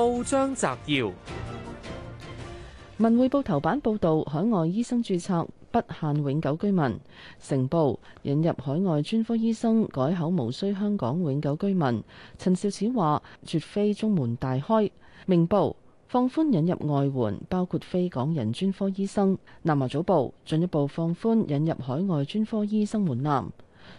報章摘要：文匯報頭版報道，海外醫生注冊不限永久居民。成報引入海外專科醫生改口，無需香港永久居民。陳肇始話絕非中門大開。明報放寬引入外援，包括非港人專科醫生。南華早報進一步放寬引入海外專科醫生門檻。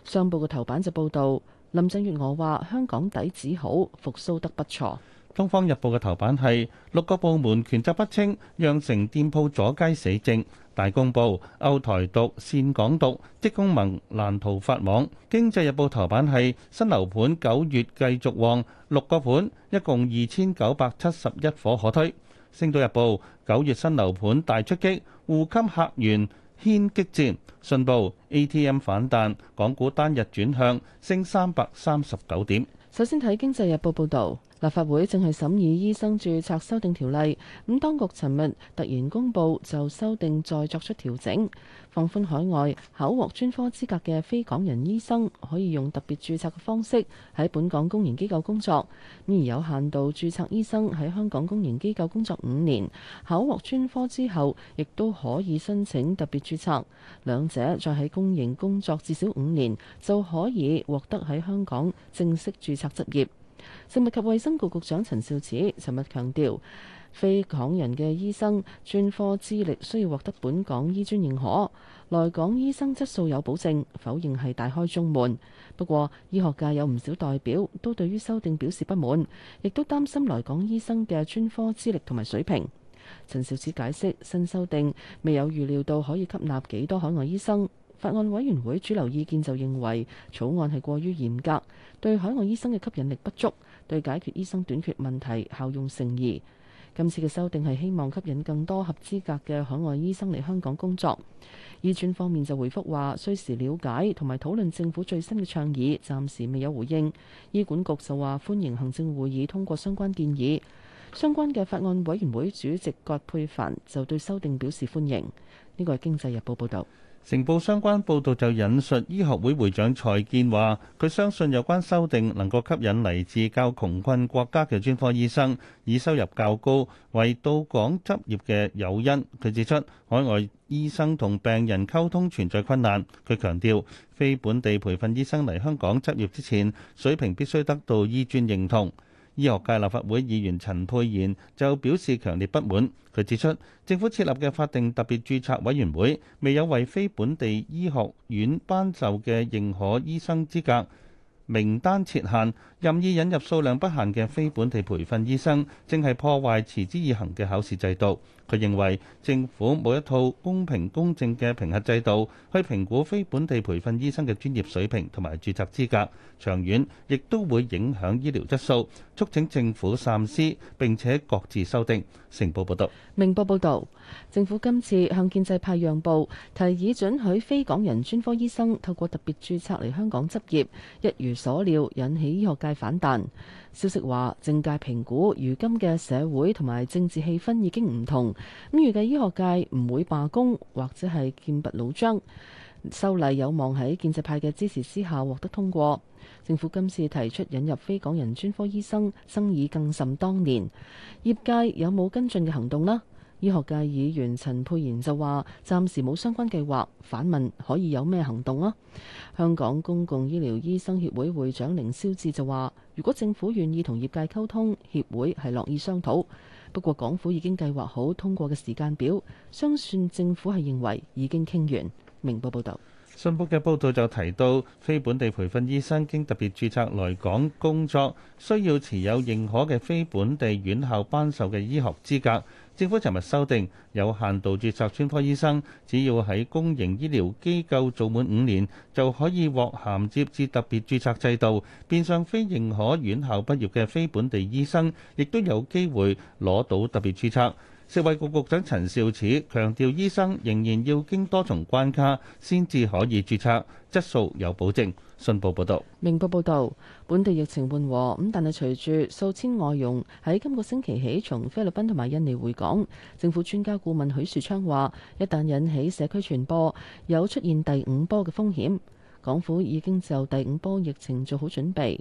商報嘅頭版就報道，林鄭月娥話香港底子好，復蘇得不錯。《東方日報》嘅頭版係六個部門權責不清，釀成店鋪阻街死症。《大公報》、《歐台獨》、《善港獨》、《職工盟》難逃法網。《經濟日報》頭版係新樓盤九月繼續旺，六個盤一共二千九百七十一伙可推。《星島日報》九月新樓盤大出擊，護金客源掀激戰。《信報》A T M 反彈，港股單日轉向升三百三十九點。首先睇《經濟日報》報道。立法會正係審議醫生註冊修訂條例，咁當局尋日突然公佈就修訂再作出調整，放寬海外考獲專科資格嘅非港人醫生可以用特別註冊嘅方式喺本港公營機構工作，咁而有限度註冊醫生喺香港公營機構工作五年，考獲專科之後，亦都可以申請特別註冊，兩者再喺公營工作至少五年就可以獲得喺香港正式註冊執業。食物及衛生局局長陳肇始尋日強調，非港人嘅醫生專科資歷需要獲得本港醫專認可，來港醫生質素有保證，否認係大開中門。不過，醫學界有唔少代表都對於修訂表示不滿，亦都擔心來港醫生嘅專科資歷同埋水平。陳肇始解釋，新修訂未有預料到可以吸納幾多海外醫生。法案委員會主流意見就認為草案係過於嚴格，對海外醫生嘅吸引力不足，對解決醫生短缺問題效用成疑。今次嘅修訂係希望吸引更多合資格嘅海外醫生嚟香港工作。醫專方面就回覆話，需時了解同埋討論政府最新嘅倡議，暫時未有回應。醫管局就話歡迎行政會議通過相關建議。相關嘅法案委員會主席葛珮帆就對修訂表示歡迎。呢個係《經濟日報》報導。成報相關報導就引述醫學會會長蔡健話，佢相信有關修訂能夠吸引嚟自較窮困國家嘅專科醫生，以收入較高為到港執業嘅誘因。佢指出，海外醫生同病人溝通存在困難。佢強調，非本地培訓醫生嚟香港執業之前，水平必須得到醫專認同。醫學界立法會議員陳佩然就表示強烈不滿，佢指出政府設立嘅法定特別註冊委員會未有為非本地醫學院頒授嘅認可醫生資格名單設限，任意引入數量不限嘅非本地培訓醫生，正係破壞持之以恒嘅考試制度。佢認為政府冇一套公平公正嘅評核制度，去評估非本地培訓醫生嘅專業水平同埋註冊資格，長遠亦都會影響醫療質素，促請政府三思並且各自修訂。成報報導，明報報導，政府今次向建制派讓步，提議准許非港人專科醫生透過特別註冊嚟香港執業，一如所料引起醫學界反彈。消息話政界評估，如今嘅社會同埋政治氣氛已經唔同，咁預計醫學界唔會罷工或者係劍拔弩張。修例有望喺建制派嘅支持之下獲得通過。政府今次提出引入非港人專科醫生，爭議更甚當年，業界有冇跟進嘅行動呢？醫學界議員陳沛然就話：暫時冇相關計劃，反問可以有咩行動啊？香港公共醫療醫生協會會長凌霄志就話：如果政府願意同業界溝通，協會係樂意商討。不過，港府已經計劃好通過嘅時間表，相信政府係認為已經傾完。明報報道，信報嘅報道就提到，非本地培訓醫生經特別注冊來港工作，需要持有認可嘅非本地院校頒授嘅醫學資格。政府尋日修訂有限度註冊專科醫生，只要喺公營醫療機構做滿五年，就可以獲銜接至特別註冊制度，變相非認可院校畢業嘅非本地醫生，亦都有機會攞到特別註冊。食衛局局長陳肇始強調，醫生仍然要經多重關卡，先至可以註冊，質素有保證。信報報道，明報報道，本地疫情緩和，咁但係隨住數千外佣喺今個星期起從菲律賓同埋印尼回港，政府專家顧問許樹昌話，一旦引起社區傳播，有出現第五波嘅風險。港府已經就第五波疫情做好準備。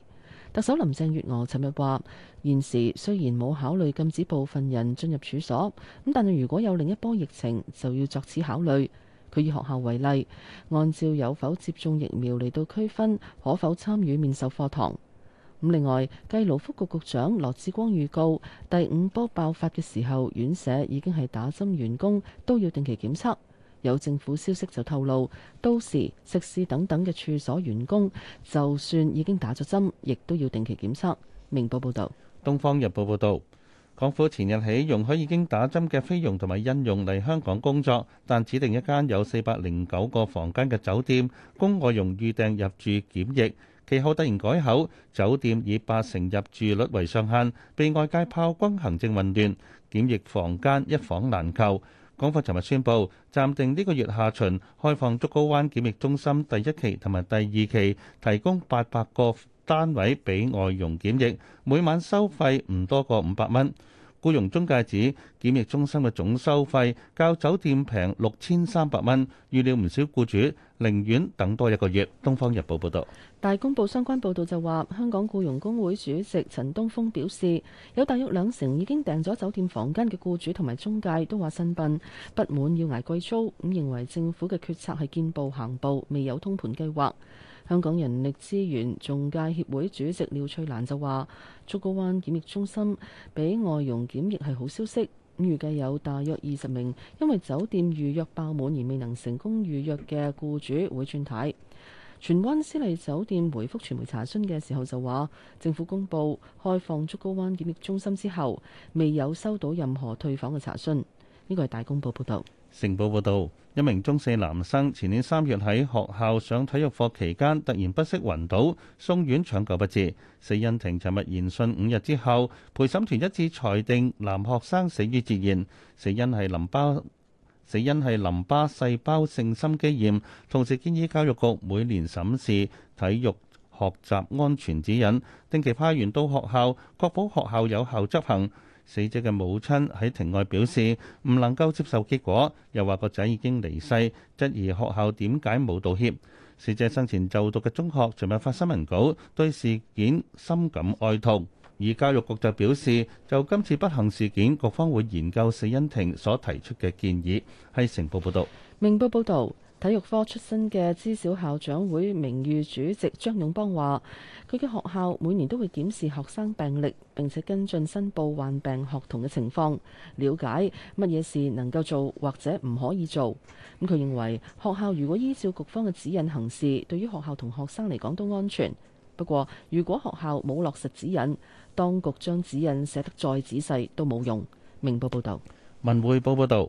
特首林鄭月娥尋日話：現時雖然冇考慮禁止部分人進入處所咁，但係如果有另一波疫情，就要作此考慮。佢以學校為例，按照有否接種疫苗嚟到區分可否參與面授課堂。咁另外，繼勞福局局長羅致光預告，第五波爆發嘅時候，院舍已經係打針員工都要定期檢測。有政府消息就透露，到時食肆等等嘅處所員工，就算已經打咗針，亦都要定期檢測。明報報道，東方日報報道，港府前日起容許已經打針嘅菲傭同埋印傭嚟香港工作，但指定一間有四百零九個房間嘅酒店供外傭預訂入住檢疫，其後突然改口，酒店以八成入住率為上限，被外界炮轟行政混亂，檢疫房間一房難求。港府尋日宣布暫定呢個月下旬開放竹篙灣檢疫中心第一期同埋第二期，提供八百個單位俾外傭檢疫，每晚收費唔多過五百蚊。僱傭中介指檢疫中心嘅總收費較酒店平六千三百蚊，預料唔少僱主寧願等多一個月。《東方日報,報道》報導，大公報相關報導就話，香港雇傭公會主席陳東峰表示，有大約兩成已經訂咗酒店房間嘅雇主同埋中介都話新報不滿要挨貴租，咁認為政府嘅決策係見步行步，未有通盤計劃。香港人力資源仲介協,協會主席廖翠蘭就話，竹篙灣檢疫中心俾外傭檢疫係好消息。預計有大約二十名因為酒店預約爆滿而未能成功預約嘅僱主會轉軚。荃灣絲麗酒店回覆傳媒查詢嘅時候就話，政府公布開放竹篙灣檢疫中心之後，未有收到任何退房嘅查詢。呢個係大公報報導。成報報道，一名中四男生前年三月喺學校上體育課期間突然不適暈倒，送院搶救不治。死因庭尋日延訊五日之後，陪審團一致裁定男學生死於自然，死因係淋巴，死因係淋巴細胞性心肌炎。同時建議教育局每年審視體育學習安全指引，定期派員到學校，確保學校有效執行。死者嘅母親喺庭外表示唔能夠接受結果，又話個仔已經離世，質疑學校點解冇道歉。死者生前就讀嘅中學尋日發新聞稿，對事件深感哀痛。而教育局就表示，就今次不幸事件，各方會研究死因庭所提出嘅建議。係成報報道。明報報導。體育科出身嘅資小校長會名譽主席張勇邦話，佢嘅學校每年都會檢視學生病歷，並且跟進申報患病學童嘅情況，了解乜嘢事能夠做或者唔可以做。咁佢認為學校如果依照局方嘅指引行事，對於學校同學生嚟講都安全。不過如果學校冇落實指引，當局將指引寫得再仔細都冇用。明報報道，文匯報報道。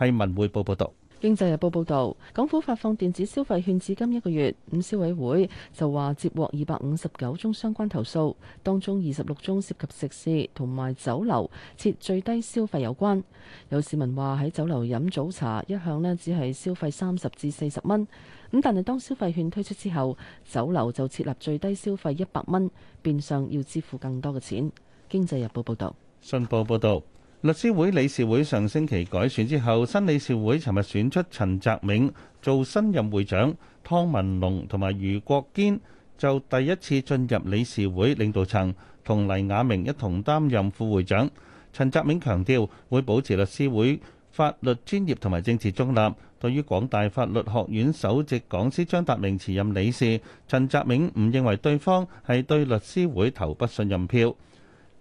係文匯報報道，經濟日報報道，港府發放電子消費券至今一個月，咁消委會就話接獲二百五十九宗相關投訴，當中二十六宗涉及食肆同埋酒樓設最低消費有關。有市民話喺酒樓飲早茶一向呢只係消費三十至四十蚊，咁但係當消費券推出之後，酒樓就設立最低消費一百蚊，變相要支付更多嘅錢。經濟日報報道，新報報道。律師會理事會上星期改選之後，新理事會尋日選出陳澤銘做新任會長，湯文龍同埋余國堅就第一次進入理事會領導層，同黎雅明一同擔任副會長。陳澤銘強調會保持律師會法律專業同埋政治中立。對於廣大法律學院首席講師張達明辭任理事，陳澤銘唔認為對方係對律師會投不信任票。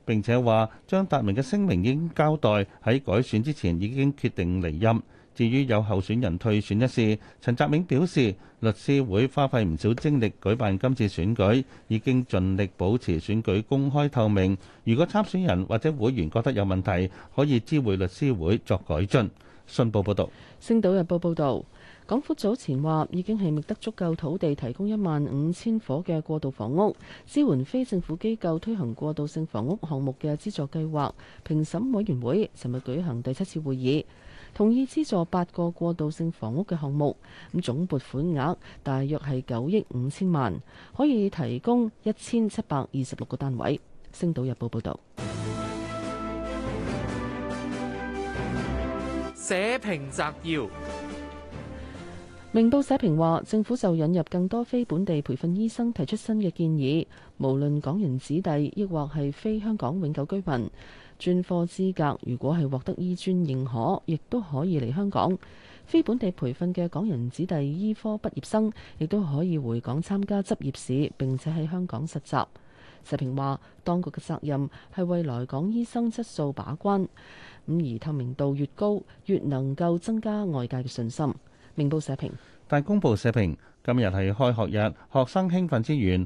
並且話，張達明嘅聲明已經交代喺改選之前已經決定離任。至於有候選人退選一事，陳澤銘表示，律師會花費唔少精力舉辦今次選舉，已經盡力保持選舉公開透明。如果參選人或者會員覺得有問題，可以知會律師會作改進。信報報導，《星島日報》報導。港府早前話已經係覓得足夠土地，提供一萬五千伙嘅過渡房屋，支援非政府機構推行過渡性房屋項目嘅資助計劃。評審委員會尋日舉行第七次會議，同意資助八個過渡性房屋嘅項目，咁總撥款額大約係九億五千萬，可以提供一千七百二十六個單位。星島日報報導。社評摘要。明報社評話，政府就引入更多非本地培訓醫生提出新嘅建議，無論港人子弟，亦或係非香港永久居民專科資格，如果係獲得醫專認可，亦都可以嚟香港。非本地培訓嘅港人子弟醫科畢業生，亦都可以回港參加執業試，並且喺香港實習。社評話，當局嘅責任係為來港醫生質素把關，咁而透明度越高，越能夠增加外界嘅信心。明報社評，大公報社評，今日係開學日，學生興奮之源。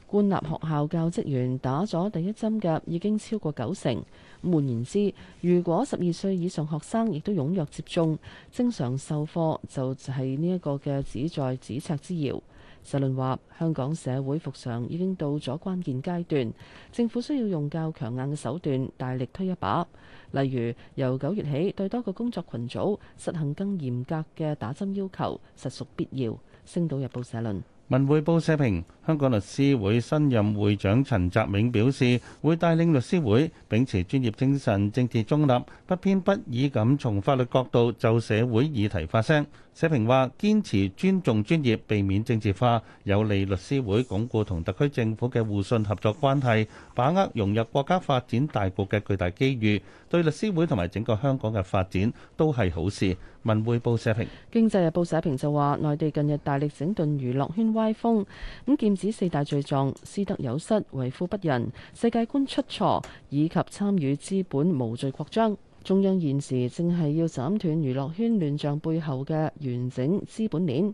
官立學校教職員打咗第一針嘅已經超過九成。咁換言之，如果十二歲以上學生亦都踴躍接種，正常授課就係呢一個嘅只在咫尺之遙。社論話，香港社會復常已經到咗關鍵階段，政府需要用較強硬嘅手段大力推一把，例如由九月起對多個工作群組實行更嚴格嘅打針要求，實屬必要。星島日報社論。文匯報社評：香港律師會新任會長陳澤銘表示，會帶領律師會秉持專業精神、政治中立，不偏不倚咁從法律角度就社會議題發聲。社評話堅持尊重專業，避免政治化，有利律師會鞏固同特區政府嘅互信合作關係，把握融入國家發展大局嘅巨大機遇，對律師會同埋整個香港嘅發展都係好事。文匯報社評，經濟日報社評就話內地近日大力整頓娛樂圈歪風，咁劍指四大罪狀：私德有失、為富不仁、世界觀出錯以及參與資本無序擴張。中央現時正係要斬斷娛樂圈亂象背後嘅完整資本鏈，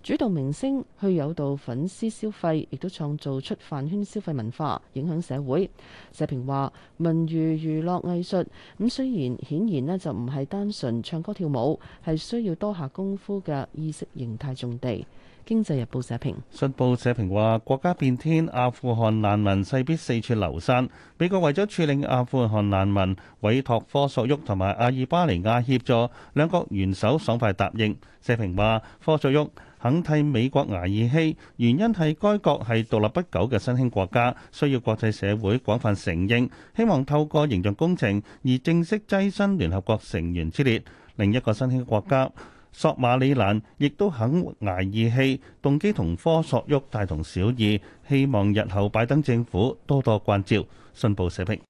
主導明星去誘導粉絲消費，亦都創造出飯圈消費文化，影響社會。社評話：文娛娛樂藝術咁雖然顯然咧就唔係單純唱歌跳舞，係需要多下功夫嘅意識形態重地。《經濟日報》社評，信報社評話：國家變天，阿富汗難民勢必四處流散。美國為咗處理阿富汗難民，委託科索沃同埋阿爾巴尼亞協助，兩國元首爽快答應。社評話：科索沃肯替美國捱義氣，原因係該國係獨立不久嘅新興國家，需要國際社會廣泛承認，希望透過形象工程而正式躋身聯合國成員之列，另一個新興國家，索馬里蘭亦都肯挨義氣，動機同科索沃大同小異，希望日後拜登政府多多關照。信報社評。